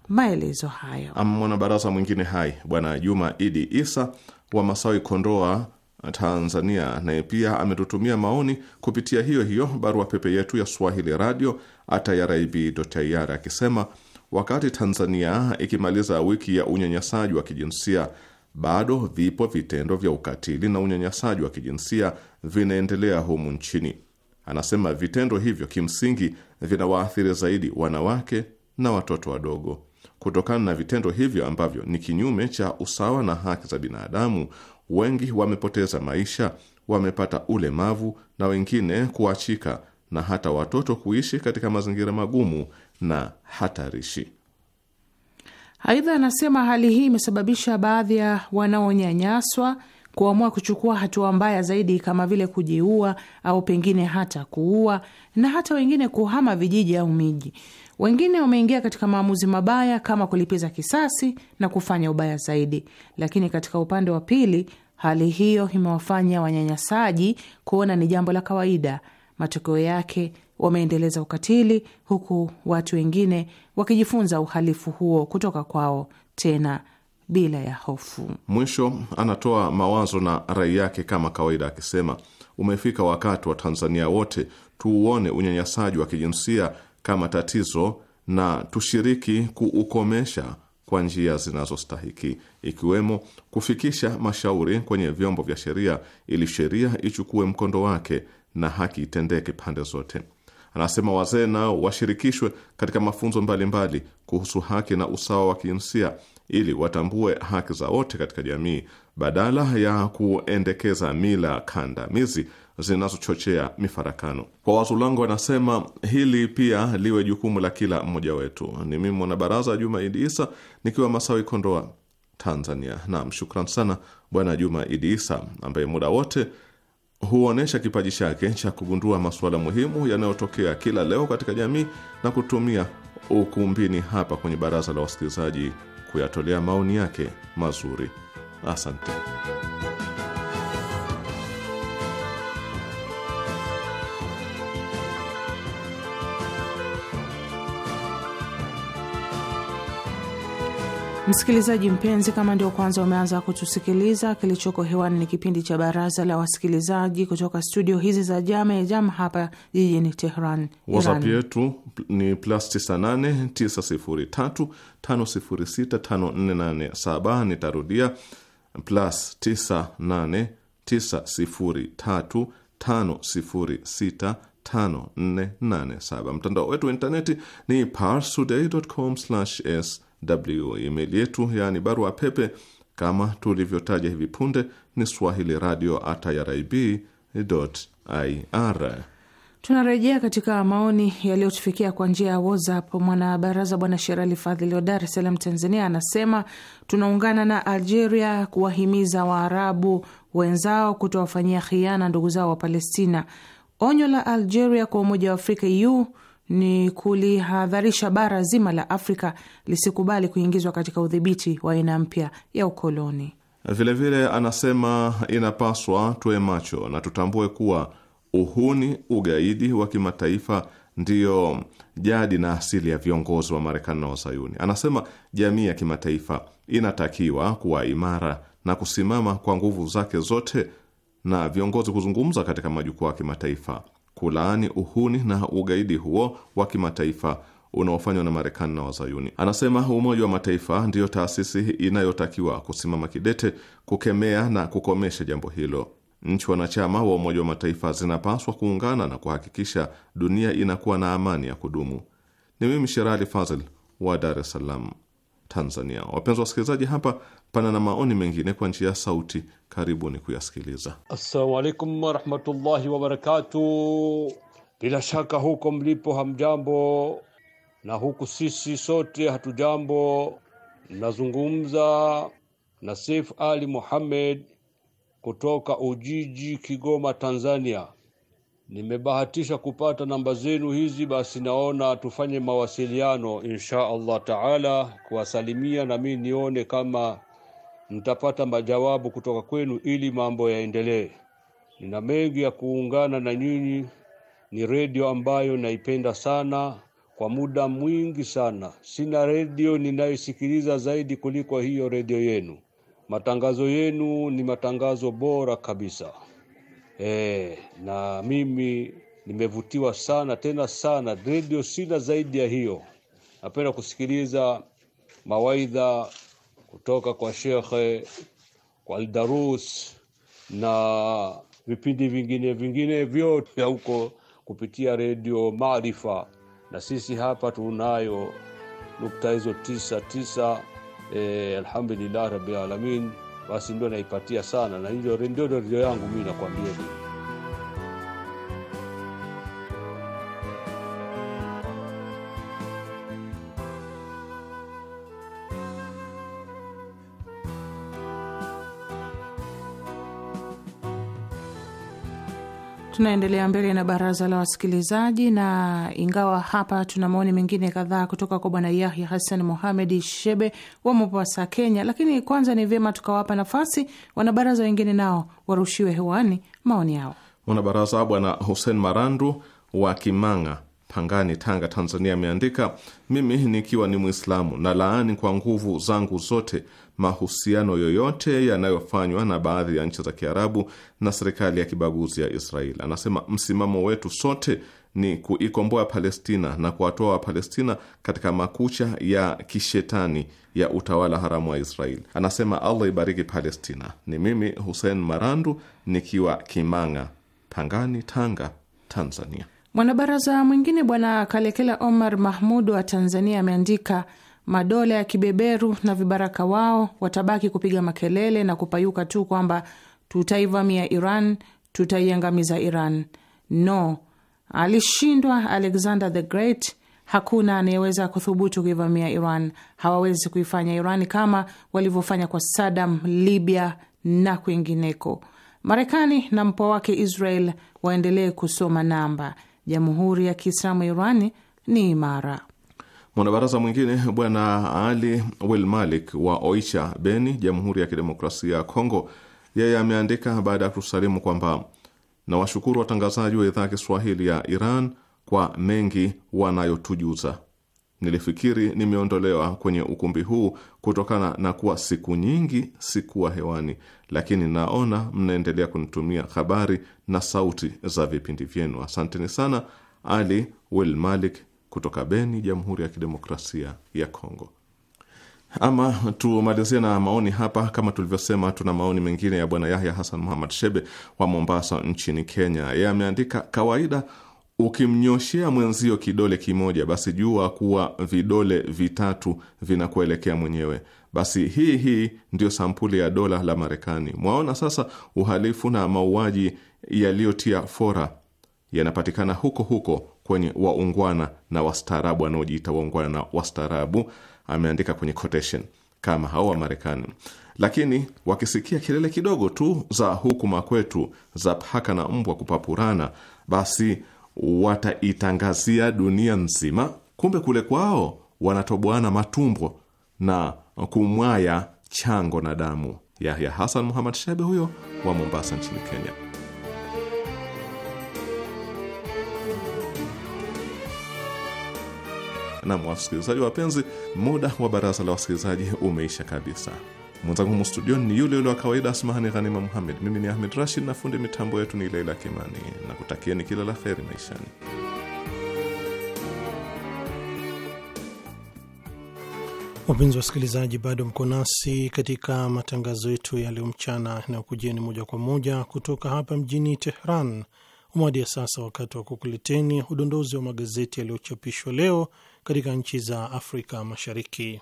maelezo hayo. mwanabaraza mwingine hai Bwana Juma Idi Isa wa Masawi, Kondoa, Tanzania, naye pia ametutumia maoni kupitia hiyo hiyo barua pepe yetu ya swahili radio irib.ir akisema wakati Tanzania ikimaliza wiki ya unyanyasaji wa kijinsia bado vipo vitendo vya ukatili na unyanyasaji wa kijinsia vinaendelea humu nchini. Anasema vitendo hivyo kimsingi vinawaathiri zaidi wanawake na watoto wadogo. Kutokana na vitendo hivyo ambavyo ni kinyume cha usawa na haki za binadamu, wengi wamepoteza maisha, wamepata ulemavu na wengine kuachika, na hata watoto kuishi katika mazingira magumu na hatarishi. Aidha, anasema hali hii imesababisha baadhi ya wanaonyanyaswa kuamua kuchukua hatua mbaya zaidi kama vile kujiua au pengine hata kuua, na hata wengine kuhama vijiji au miji. Wengine wameingia katika maamuzi mabaya kama kulipiza kisasi na kufanya ubaya zaidi. Lakini katika upande wa pili, hali hiyo imewafanya wanyanyasaji kuona ni jambo la kawaida. Matokeo yake wameendeleza ukatili, huku watu wengine wakijifunza uhalifu huo kutoka kwao tena bila ya hofu. Mwisho anatoa mawazo na rai yake kama kawaida, akisema umefika wakati wa Tanzania wote tuuone unyanyasaji wa kijinsia kama tatizo na tushiriki kuukomesha kwa njia zinazostahiki ikiwemo kufikisha mashauri kwenye vyombo vya sheria ili sheria ichukue mkondo wake na haki itendeke pande zote. Anasema wazee nao washirikishwe katika mafunzo mbalimbali mbali kuhusu haki na usawa wa kijinsia ili watambue haki za wote katika jamii badala ya kuendekeza mila kandamizi zinazochochea mifarakano. Kwa Wazulango wanasema hili pia liwe jukumu la kila mmoja wetu. Ni mimi mwanabaraza Juma Idi Isa nikiwa Masawi, Kondoa, Tanzania. Naam, shukran sana Bwana Juma Idi Isa ambaye muda wote huonyesha kipaji chake cha kugundua masuala muhimu yanayotokea kila leo katika jamii na kutumia ukumbini hapa kwenye baraza la wasikilizaji kuyatolea maoni yake mazuri. Asante. Msikilizaji mpenzi, kama ndio kwanza umeanza kutusikiliza, kilichoko hewani ni kipindi cha baraza la wasikilizaji kutoka studio hizi za Jame Jam hapa jijini Tehran. WhatsApp yetu ni plus 98 Nitarudia plus 98 Mtandao wetu wa intaneti ni parstoday.com/s w email yetu yaani barua pepe kama tulivyotaja hivi punde ni swahili radio at irib ir. Tunarejea katika maoni yaliyotufikia kwa njia ya WhatsApp. Mwanabaraza Bwana Sherali Fadhili wa Dar es Salaam, Tanzania, anasema tunaungana na Algeria kuwahimiza Waarabu wenzao kutowafanyia khiana ndugu zao wa Palestina. Onyo la Algeria kwa Umoja wa Afrika e u ni kulihadharisha bara zima la Afrika lisikubali kuingizwa katika udhibiti wa aina mpya ya ukoloni. Vilevile anasema inapaswa tuwe macho na tutambue kuwa uhuni, ugaidi wa kimataifa ndiyo jadi na asili ya viongozi wa Marekani na Wazayuni. Anasema jamii ya kimataifa inatakiwa kuwa imara na kusimama kwa nguvu zake zote, na viongozi kuzungumza katika majukwaa ya kimataifa kulaani uhuni na ugaidi huo wa kimataifa unaofanywa na Marekani na Wazayuni. Anasema Umoja wa Mataifa ndiyo taasisi inayotakiwa kusimama kidete kukemea na kukomesha jambo hilo. Nchi wanachama wa Umoja wa Mataifa zinapaswa kuungana na kuhakikisha dunia inakuwa na amani ya kudumu. Ni mimi Sherali Fazil wa Dar es Salaam, Tanzania. Wapenzi wasikilizaji, hapa pana na maoni mengine kwa njia ya sauti. Karibuni kuyasikiliza. Assalamu alaikum warahmatullahi wabarakatu. Bila shaka huko mlipo hamjambo, na huku sisi sote hatujambo. Nazungumza na Saif Ali Muhammad kutoka Ujiji, Kigoma, Tanzania. Nimebahatisha kupata namba zenu hizi, basi naona tufanye mawasiliano insha Allah taala, kuwasalimia na mimi nione kama mtapata majawabu kutoka kwenu ili mambo yaendelee. Nina mengi ya kuungana na nyinyi. Ni redio ambayo naipenda sana kwa muda mwingi sana. Sina redio ninayosikiliza zaidi kuliko hiyo redio yenu. Matangazo yenu ni matangazo bora kabisa. E, na mimi nimevutiwa sana tena sana. Redio sina zaidi ya hiyo. Napenda kusikiliza mawaidha kutoka kwa shekhe kwa aldarus na vipindi vingine vingine vyote huko kupitia redio Maarifa, na sisi hapa tunayo nukta hizo tisa tisa. Eh, alhamdulillah rabbil alamin. Basi ndio naipatia sana, na hivyo ndio ndio yangu mi nakwambia. Tunaendelea mbele na baraza la wasikilizaji, na ingawa hapa tuna maoni mengine kadhaa kutoka kwa bwana Yahya Hassan Mohamed Shebe wa Mombasa, Kenya, lakini kwanza ni vyema tukawapa nafasi wanabaraza wengine nao warushiwe hewani maoni yao. Mwanabaraza bwana Hussein Marandu wa Kimanga, Pangani, Tanga, Tanzania ameandika, mimi nikiwa ni Mwislamu na laani kwa nguvu zangu zote mahusiano yoyote yanayofanywa na baadhi ya nchi za Kiarabu na serikali ya kibaguzi ya Israeli. Anasema msimamo wetu sote ni kuikomboa Palestina na kuwatoa Wapalestina katika makucha ya kishetani ya utawala haramu wa israel Anasema Allah ibariki Palestina. Ni mimi Hussein Marandu nikiwa Kimanga, Pangani, Tanga, Tanzania. Mwanabaraza mwingine Bwana Kalekela Omar Mahmud wa Tanzania ameandika madola ya kibeberu na vibaraka wao watabaki kupiga makelele na kupayuka tu kwamba tutaivamia Iran, tutaiangamiza Iran. No, alishindwa Alexander the Great. Hakuna anayeweza kuthubutu kuivamia Iran. Hawawezi kuifanya Iran kama walivyofanya kwa Sadam, Libya na kwingineko. Marekani na mpwa wake Israel waendelee kusoma namba. Jamhuri ya Kiislamu Irani ni imara. Mwanabaraza mwingine Bwana Ali Wil Malik wa Oicha, Beni, Jamhuri ya Kidemokrasia ya Kongo, yeye ameandika baada ya kutusalimu kwamba nawashukuru watangazaji wa idhaa ya Kiswahili ya Iran kwa mengi wanayotujuza. Nilifikiri nimeondolewa kwenye ukumbi huu kutokana na kuwa siku nyingi sikuwa hewani, lakini naona mnaendelea kunitumia habari na sauti za vipindi vyenu. Asanteni sana, Ali Wil Malik kutoka Beni, Jamhuri ya Kidemokrasia ya Kongo. Ama tumalizie na maoni hapa. Kama tulivyosema, tuna maoni mengine ya Bwana Yahya Hasan Muhamad Shebe wa Mombasa nchini Kenya. Yeye ameandika, kawaida ukimnyoshea mwenzio kidole kimoja, basi jua kuwa vidole vitatu vinakuelekea mwenyewe. Basi hii hii ndiyo sampuli ya dola la Marekani. Mwaona sasa, uhalifu na mauaji yaliyotia fora yanapatikana huko huko kwenye waungwana na wastaarabu wanaojiita waungwana na wastaarabu, ameandika kwenye quotation kama hao Wamarekani, lakini wakisikia kelele kidogo tu za hukuma kwetu za paka na mbwa kupapurana, basi wataitangazia dunia nzima. Kumbe kule kwao wanatoboana matumbo na kumwaya chango na damu. Yahya Hasan Muhamad Shebe huyo wa Mombasa nchini Kenya. Nam, wasikilizaji wapenzi, muda wa baraza la wasikilizaji umeisha kabisa. Mwenzangu humu studioni ni yule yule wa kawaida, Asmahani Ghanima Muhammed. Mimi ni Ahmed Rashid na fundi mitambo yetu ni Leila Kimani na kutakieni kila la feri maishani. Wapenzi wasikilizaji, bado mko nasi katika matangazo yetu ya leo mchana na kujieni moja kwa moja kutoka hapa mjini Tehran. Umwadi ya sasa wakati wa kukuleteni udondozi wa magazeti yaliyochapishwa leo katika nchi za Afrika Mashariki.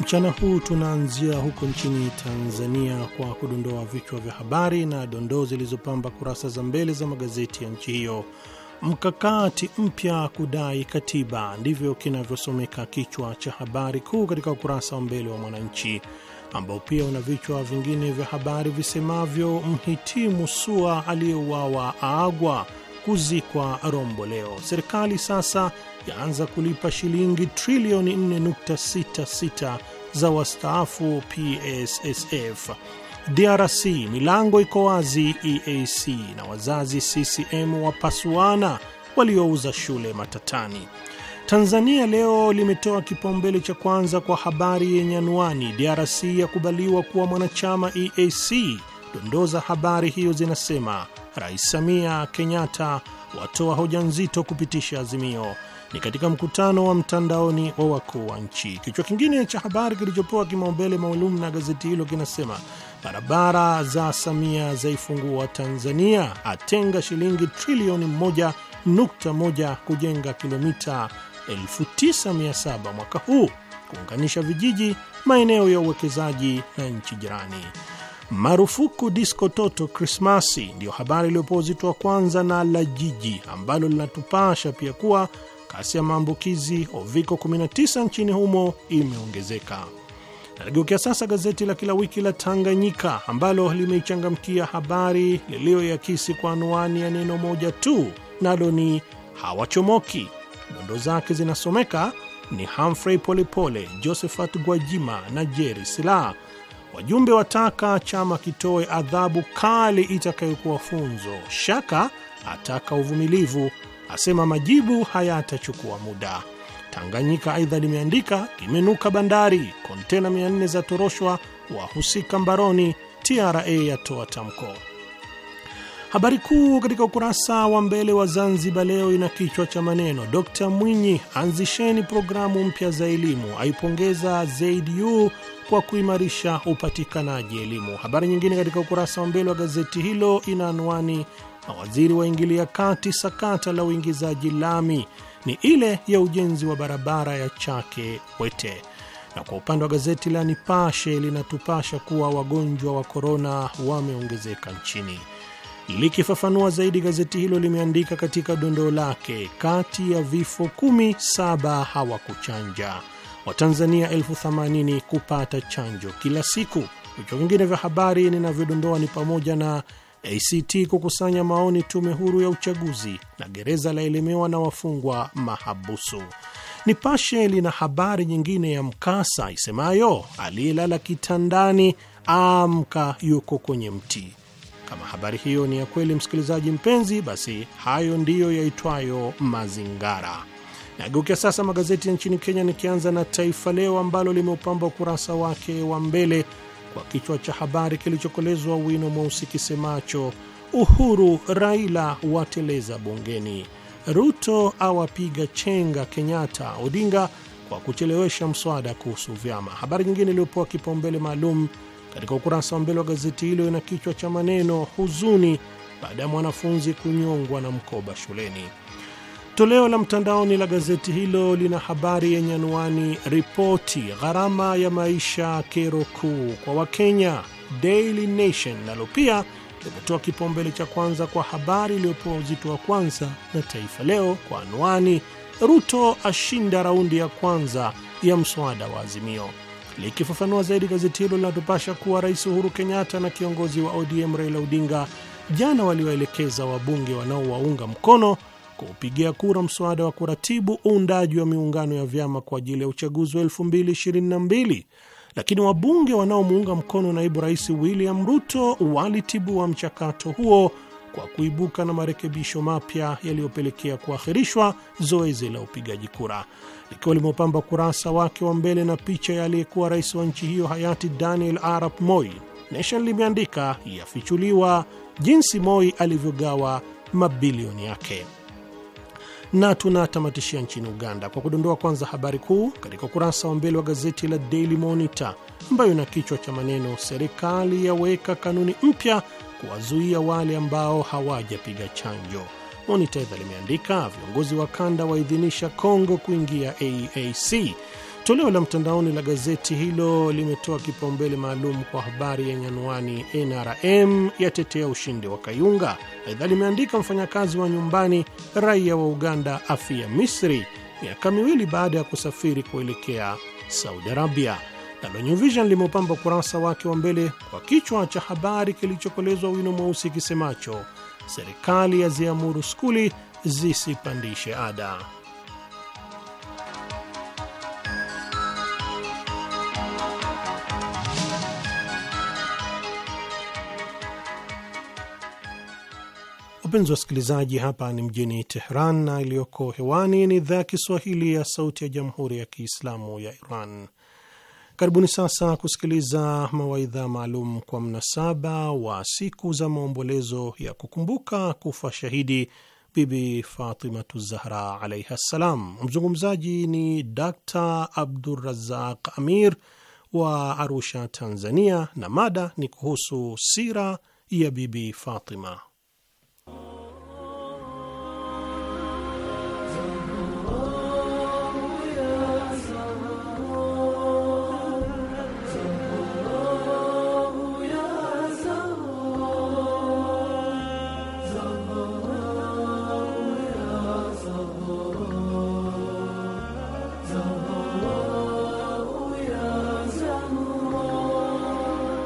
Mchana huu tunaanzia huko nchini Tanzania kwa kudondoa vichwa vya habari na dondoo zilizopamba kurasa za mbele za magazeti ya nchi hiyo mkakati mpya kudai katiba, ndivyo kinavyosomeka kichwa cha habari kuu katika ukurasa wa mbele wa Mwananchi, ambao pia una vichwa vingine vya habari visemavyo: mhitimu SUA aliyeuawa aagwa kuzikwa Rombo leo, serikali sasa yaanza kulipa shilingi trilioni 4.66 za wastaafu PSSF DRC milango iko wazi EAC na wazazi CCM wapasuana waliouza shule matatani. Tanzania Leo limetoa kipaumbele cha kwanza kwa habari yenye anwani DRC yakubaliwa kuwa mwanachama EAC. Dondoo za habari hiyo zinasema Rais Samia Kenyatta watoa hoja nzito kupitisha azimio ni katika mkutano wa mtandaoni wa wakuu wa nchi. Kichwa kingine cha habari kilichopewa kimaumbele maalum na gazeti hilo kinasema barabara za Samia zaifungua Tanzania, atenga shilingi trilioni 1.1 kujenga kilomita 97 mwaka huu kuunganisha vijiji, maeneo ya uwekezaji na nchi jirani. Marufuku disko toto Krismasi ndiyo habari iliyopewa uzito wa kwanza na La Jiji, ambalo linatupasha pia kuwa kasi ya maambukizi uviko 19 nchini humo imeongezeka. Nageukia sasa gazeti la kila wiki la Tanganyika ambalo limeichangamkia habari liliyoiakisi kwa anwani ya neno moja tu, nalo ni hawachomoki. Dondo zake zinasomeka ni Humphrey Polepole, Josephat Gwajima na Jerry Silaa Wajumbe wataka chama kitoe adhabu kali itakayokuwa funzo. Shaka ataka uvumilivu, asema majibu hayatachukua muda. Tanganyika aidha limeandika kimenuka bandari, kontena 400 za toroshwa, wahusika mbaroni, TRA yatoa tamko. Habari kuu katika ukurasa wa mbele wa Zanzibar Leo ina kichwa cha maneno Dkt Mwinyi, anzisheni programu mpya za elimu, aipongeza ZU kwa kuimarisha upatikanaji elimu. Habari nyingine katika ukurasa wa mbele wa gazeti hilo ina anwani mawaziri waingilia kati sakata la uingizaji lami, ni ile ya ujenzi wa barabara ya Chake Wete na kwa upande wa gazeti la Nipashe linatupasha kuwa wagonjwa wa korona wameongezeka nchini. Likifafanua zaidi, gazeti hilo limeandika katika dondoo lake, kati ya vifo kumi, saba hawakuchanja. Watanzania elfu themanini kupata chanjo kila siku. Vichwa vingine vya habari ninavyodondoa ni pamoja na ACT kukusanya maoni tume huru ya uchaguzi na gereza laelemewa na wafungwa mahabusu. Nipashe lina habari nyingine ya mkasa isemayo, aliyelala kitandani aamka yuko kwenye mti. Kama habari hiyo ni ya kweli, msikilizaji mpenzi, basi hayo ndiyo yaitwayo mazingara. Nageukia sasa magazeti ya nchini Kenya, nikianza na Taifa Leo ambalo limeupamba ukurasa wake wa mbele kwa kichwa cha habari kilichokolezwa wino mweusi kisemacho Uhuru Raila wateleza bungeni, Ruto awapiga chenga Kenyatta, Odinga kwa kuchelewesha mswada kuhusu vyama. Habari nyingine iliyopewa kipaumbele maalum katika ukurasa wa mbele wa gazeti hilo ina kichwa cha maneno huzuni baada ya mwanafunzi kunyongwa na mkoba shuleni. Toleo la mtandaoni la gazeti hilo lina habari yenye anwani ripoti gharama ya maisha kero kuu kwa Wakenya. Daily Nation nalo pia limetoa kipaumbele cha kwanza kwa habari iliyopewa uzito wa kwanza na Taifa Leo kwa anwani Ruto ashinda raundi ya kwanza ya mswada wa Azimio likifafanua zaidi gazeti hilo linatupasha kuwa Rais Uhuru Kenyatta na kiongozi wa ODM Raila Odinga jana waliwaelekeza wabunge wanaowaunga mkono kuupigia kura mswada wa kuratibu uundaji wa miungano ya vyama kwa ajili ya uchaguzi wa 2022 lakini wabunge wanaomuunga mkono naibu rais William Ruto walitibua wa mchakato huo kwa kuibuka na marekebisho mapya yaliyopelekea kuahirishwa zoezi la upigaji kura, likiwa limeupamba kurasa wake wa mbele na picha ya aliyekuwa rais wa nchi hiyo hayati Daniel Arap Moi. Nation limeandika yafichuliwa jinsi Moi alivyogawa mabilioni yake na tunatamatishia nchini Uganda kwa kudondoa kwanza habari kuu katika ukurasa wa mbele wa gazeti la Daily Monitor ambayo ina kichwa cha maneno serikali yaweka kanuni mpya kuwazuia wale ambao hawajapiga chanjo. Monita limeandika viongozi wa kanda waidhinisha Kongo kuingia AAC. Toleo la mtandaoni la gazeti hilo limetoa kipaumbele maalum kwa habari yenye anwani NRM yatetea ushindi wa Kayunga. Aidha limeandika mfanyakazi wa nyumbani raia wa Uganda afia Misri miaka miwili baada ya kusafiri kuelekea Saudi Arabia nalo New Vision limeupamba ukurasa wake wa mbele kwa kichwa cha habari kilichokolezwa wino mweusi kisemacho serikali yaziamuru skuli zisipandishe ada. Wapenzi wasikilizaji, hapa ni mjini Teheran na iliyoko hewani ni idhaa ya Kiswahili ya Sauti ya Jamhuri ya Kiislamu ya Iran. Karibuni sasa kusikiliza mawaidha maalum kwa mnasaba wa siku za maombolezo ya kukumbuka kufa shahidi Bibi Fatimatu Zahra alaiha ssalam. Mzungumzaji ni Dr Abdurazaq Amir wa Arusha, Tanzania, na mada ni kuhusu sira ya Bibi Fatima.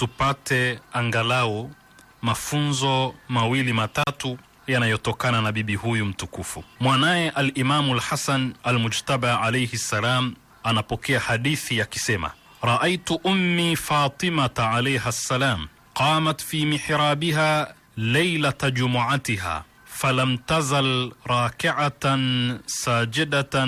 tupate angalau mafunzo mawili matatu yanayotokana na bibi huyu mtukufu. Mwanaye Alimamu Lhasan Almujtaba alaihi ssalam anapokea hadithi akisema, raaitu ummi Fatimata alaiha ssalam qamat fi mihrabiha leilata jumuatiha فلم تزل راكعة ساجدة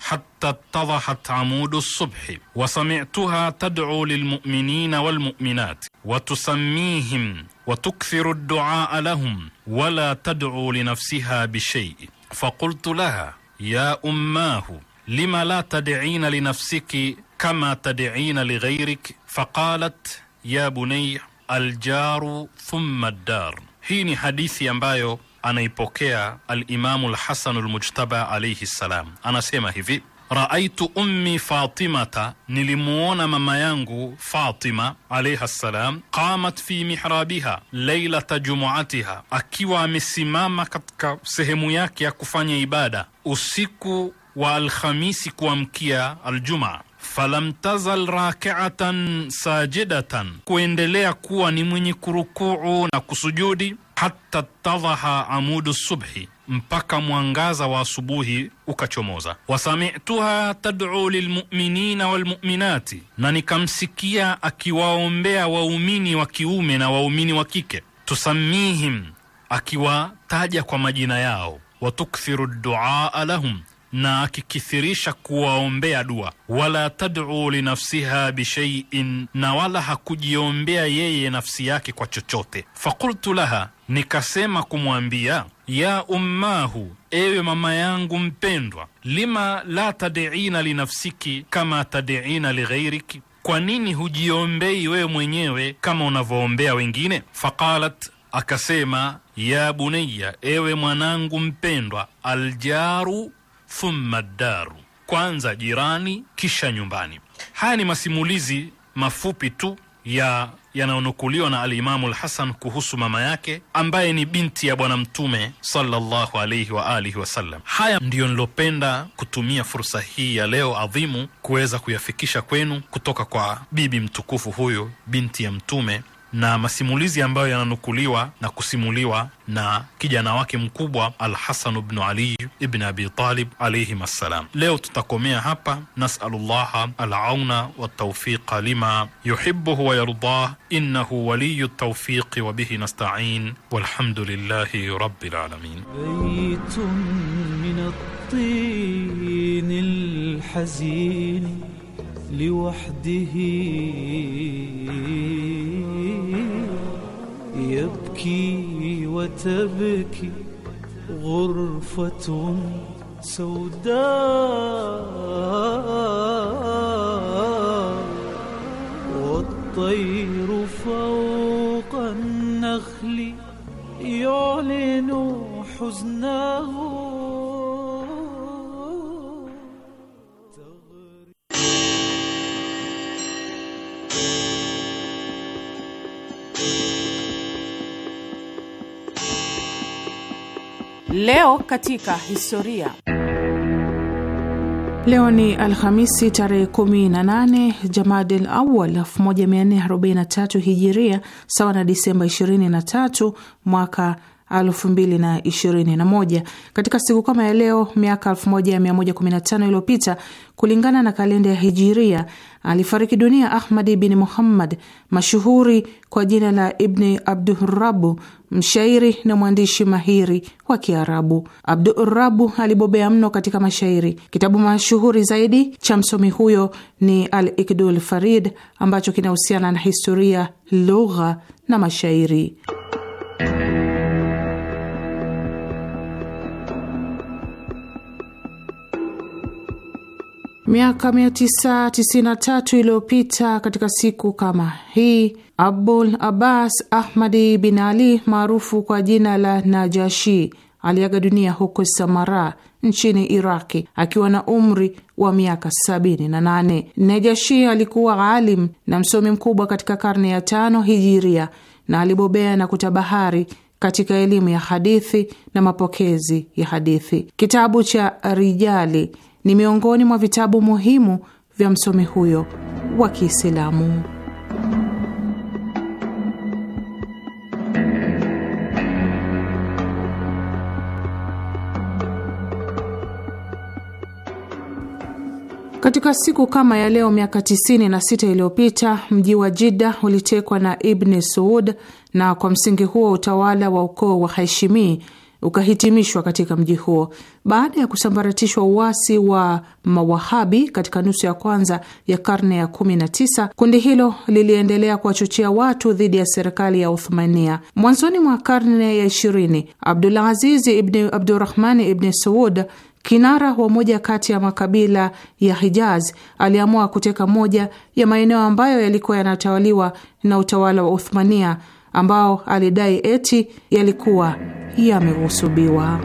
حتى اتضحت عمود الصبح وسمعتها تدعو للمؤمنين والمؤمنات وتسميهم وتكثر الدعاء لهم ولا تدعو لنفسها بشيء فقلت لها يا اماه لم لا تدعين لنفسك كما تدعين لغيرك فقالت يا بني الجار ثم الدار hii ni hadithi ambayo anaipokea Alimamu Lhasanu Lmujtaba alaihi ssalam, anasema hivi: raaitu ummi fatimata, nilimuona mama yangu Fatima alaiha ssalam, qamat fi mihrabiha lailata jumuatiha, akiwa amesimama katika sehemu yake ya kufanya ibada usiku wa Alhamisi kuamkia aljuma falam tazal rakiatan sajidatan, kuendelea kuwa ni mwenye kurukuu na kusujudi hatta tadaha amudu subhi, mpaka mwangaza wa asubuhi ukachomoza. Wasamituha tad'u lilmuminina walmuminati, na nikamsikia akiwaombea waumini wa kiume na waumini wa kike. Tusamihim, akiwataja kwa majina yao. Watukthiru duaa lahum na akikithirisha kuwaombea dua. Wala tad'u linafsiha bishaiin, na wala hakujiombea yeye nafsi yake kwa chochote. Fakultu laha, nikasema kumwambia ya ummahu, ewe mama yangu mpendwa, lima la tadiina linafsiki kama tadiina lighairiki, kwa nini hujiombei wewe mwenyewe kama unavyoombea wengine? Faqalat, akasema ya bunayya, ewe mwanangu mpendwa, aljaru thumma daru, kwanza jirani kisha nyumbani. Haya ni masimulizi mafupi tu ya yanayonukuliwa na Alimamu Lhasan kuhusu mama yake ambaye ni binti ya Bwana Mtume sallallahu alaihi wa alihi wasallam. Haya ndiyo nilopenda kutumia fursa hii ya leo adhimu kuweza kuyafikisha kwenu kutoka kwa bibi mtukufu huyo binti ya Mtume na masimulizi ambayo yananukuliwa na kusimuliwa na kijana wake mkubwa Alhasanu bnu Ali ibn Abi Talib alayhim assalam. Leo tutakomea hapa. Nasalullaha alauna waltaufiqa lima yuhibuhu wayardah innahu waliyu ltaufiqi wabihi nastain walhamdu lillahi rabbil alamin. min الطين hazin لوحده تبكي وتبكي غرفة سوداء والطير فوق النخل يعلن حزنه Leo katika historia. Leo ni Alhamisi tarehe 18 Jamadil Awal 1443 Hijiria, sawa na Disemba 23 mwaka 2021 katika siku kama ya leo miaka 1115 iliyopita kulingana na kalenda ya Hijiria, alifariki dunia Ahmadi bin Muhammad mashuhuri kwa jina la Ibni Abdurabu, mshairi na mwandishi mahiri wa Kiarabu. Abdurabu alibobea mno katika mashairi. Kitabu mashuhuri zaidi cha msomi huyo ni Al Ikdul Farid ambacho kinahusiana na historia, lugha na mashairi Miaka 993 iliyopita katika siku kama hii, Abul Abbas Ahmadi bin Ali maarufu kwa jina la Najashi aliaga dunia huko Samara nchini Iraki akiwa na umri wa miaka sabini na nane. Najashi alikuwa alim na msomi mkubwa katika karne ya tano hijiria na alibobea na kutabahari katika elimu ya hadithi na mapokezi ya hadithi. Kitabu cha Rijali ni miongoni mwa vitabu muhimu vya msomi huyo wa Kiislamu. Katika siku kama ya leo miaka 96 iliyopita mji wa Jidda ulitekwa na Ibni suud na kwa msingi huo utawala wa ukoo wa Haishimi ukahitimishwa katika mji huo. Baada ya kusambaratishwa uasi wa mawahabi katika nusu ya kwanza ya karne ya 19, kundi hilo liliendelea kuwachochea watu dhidi ya serikali ya Uthmania. Mwanzoni mwa karne ya 20, Abdulaziz ibni Abdurahman ibni Saud kinara wa moja kati ya makabila ya Hijaz aliamua kuteka moja ya maeneo ambayo yalikuwa yanatawaliwa na utawala wa Uthmania ambao alidai eti yalikuwa yamehusubiwa.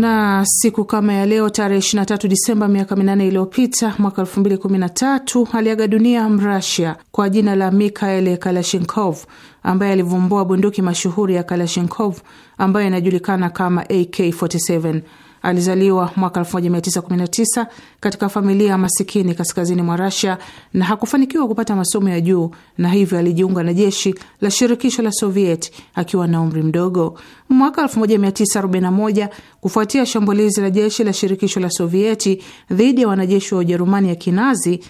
na siku kama ya leo tarehe 23 Disemba miaka minane iliyopita mwaka 2013 aliaga dunia Mrasia kwa jina la Mikhail Kalashnikov ambaye alivumbua bunduki mashuhuri ya Kalashnikov ambayo inajulikana kama AK47. Alizaliwa mwaka 1919 katika familia ya masikini kaskazini mwa Rasia na hakufanikiwa kupata masomo ya juu, na hivyo alijiunga na jeshi la shirikisho la Soviet akiwa na umri mdogo. Mwaka 1941, kufuatia shambulizi la jeshi la shirikisho la Sovieti dhidi ya wanajeshi wa Ujerumani ya Kinazi,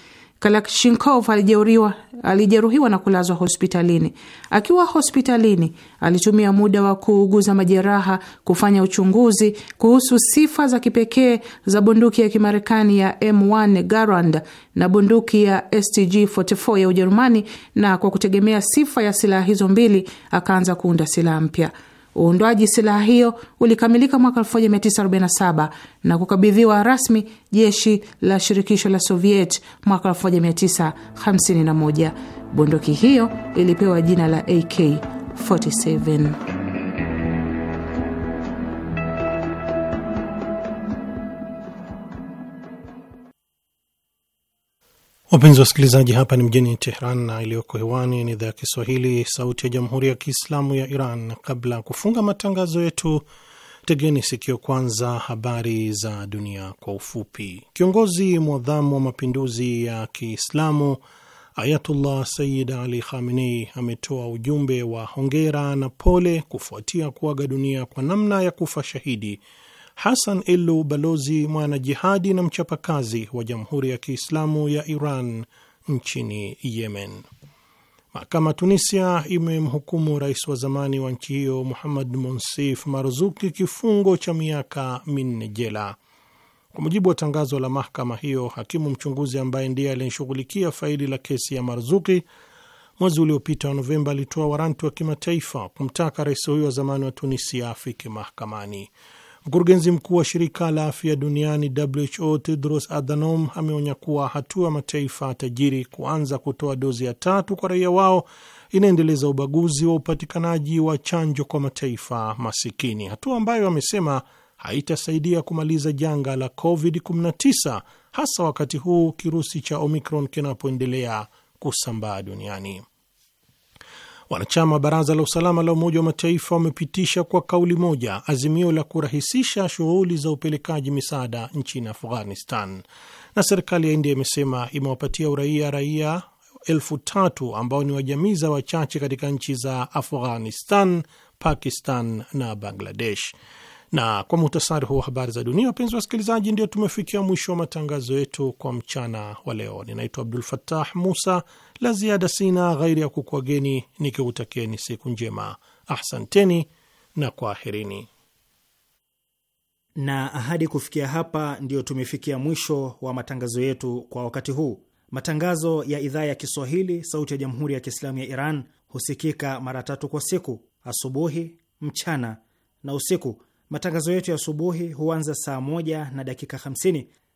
Kalashnikov alijeruhiwa, alijeruhiwa na kulazwa hospitalini. Akiwa hospitalini, alitumia muda wa kuuguza majeraha kufanya uchunguzi kuhusu sifa za kipekee za bunduki ya Kimarekani ya M1 Garand na bunduki ya STG 44 ya Ujerumani, na kwa kutegemea sifa ya silaha hizo mbili akaanza kuunda silaha mpya. Uundwaji silaha hiyo ulikamilika mwaka 1947 na kukabidhiwa rasmi jeshi la shirikisho la Soviet mwaka 1951. Bunduki hiyo ilipewa jina la AK47. Wapenzi wasikilizaji, hapa ni mjini Tehran na iliyoko hewani ni idhaa ya Kiswahili, sauti ya jamhuri ya kiislamu ya Iran. Kabla ya kufunga matangazo yetu, tegeni sikio kwanza habari za dunia kwa ufupi. Kiongozi mwadhamu wa mapinduzi ya Kiislamu Ayatullah Sayyid Ali Khamenei ametoa ujumbe wa hongera na pole kufuatia kuaga dunia kwa namna ya kufa shahidi Hasan Ilu, balozi mwanajihadi na mchapakazi wa Jamhuri ya Kiislamu ya Iran nchini Yemen. Mahakama Tunisia imemhukumu rais wa zamani wa nchi hiyo Muhammad Monsif Marzuki kifungo cha miaka minne jela. Kwa mujibu wa tangazo la mahakama hiyo, hakimu mchunguzi ambaye ndiye alinshughulikia faili la kesi ya Marzuki mwezi uliopita wa Novemba alitoa waranti wa kimataifa kumtaka rais huyo wa zamani wa Tunisia afike mahakamani. Mkurugenzi mkuu wa shirika la afya duniani WHO Tedros Adhanom ameonya kuwa hatua ya mataifa tajiri kuanza kutoa dozi ya tatu kwa raia wao inaendeleza ubaguzi wa upatikanaji wa chanjo kwa mataifa masikini, hatua ambayo amesema haitasaidia kumaliza janga la COVID-19 hasa wakati huu kirusi cha Omicron kinapoendelea kusambaa duniani. Wanachama baraza la usalama la Umoja wa Mataifa wamepitisha kwa kauli moja azimio la kurahisisha shughuli za upelekaji misaada nchini Afghanistan, na serikali ya India imesema imewapatia uraia raia elfu tatu ambao ni wajamii za wachache katika nchi za Afghanistan, Pakistan na Bangladesh. Na kwa muhtasari huu wa habari za dunia, wapenzi wa wasikilizaji, ndio tumefikia mwisho wa matangazo yetu kwa mchana wa leo. Ninaitwa Abdul fatah Musa la ziada sina ghairi ya kukwageni nikiutakieni siku njema. Ahsanteni na kwaherini. Na ahadi kufikia hapa, ndiyo tumefikia mwisho wa matangazo yetu kwa wakati huu. Matangazo ya idhaa ya Kiswahili sauti ya jamhuri ya Kiislamu ya Iran husikika mara tatu kwa siku: asubuhi, mchana na usiku. Matangazo yetu ya asubuhi huanza saa moja na dakika 5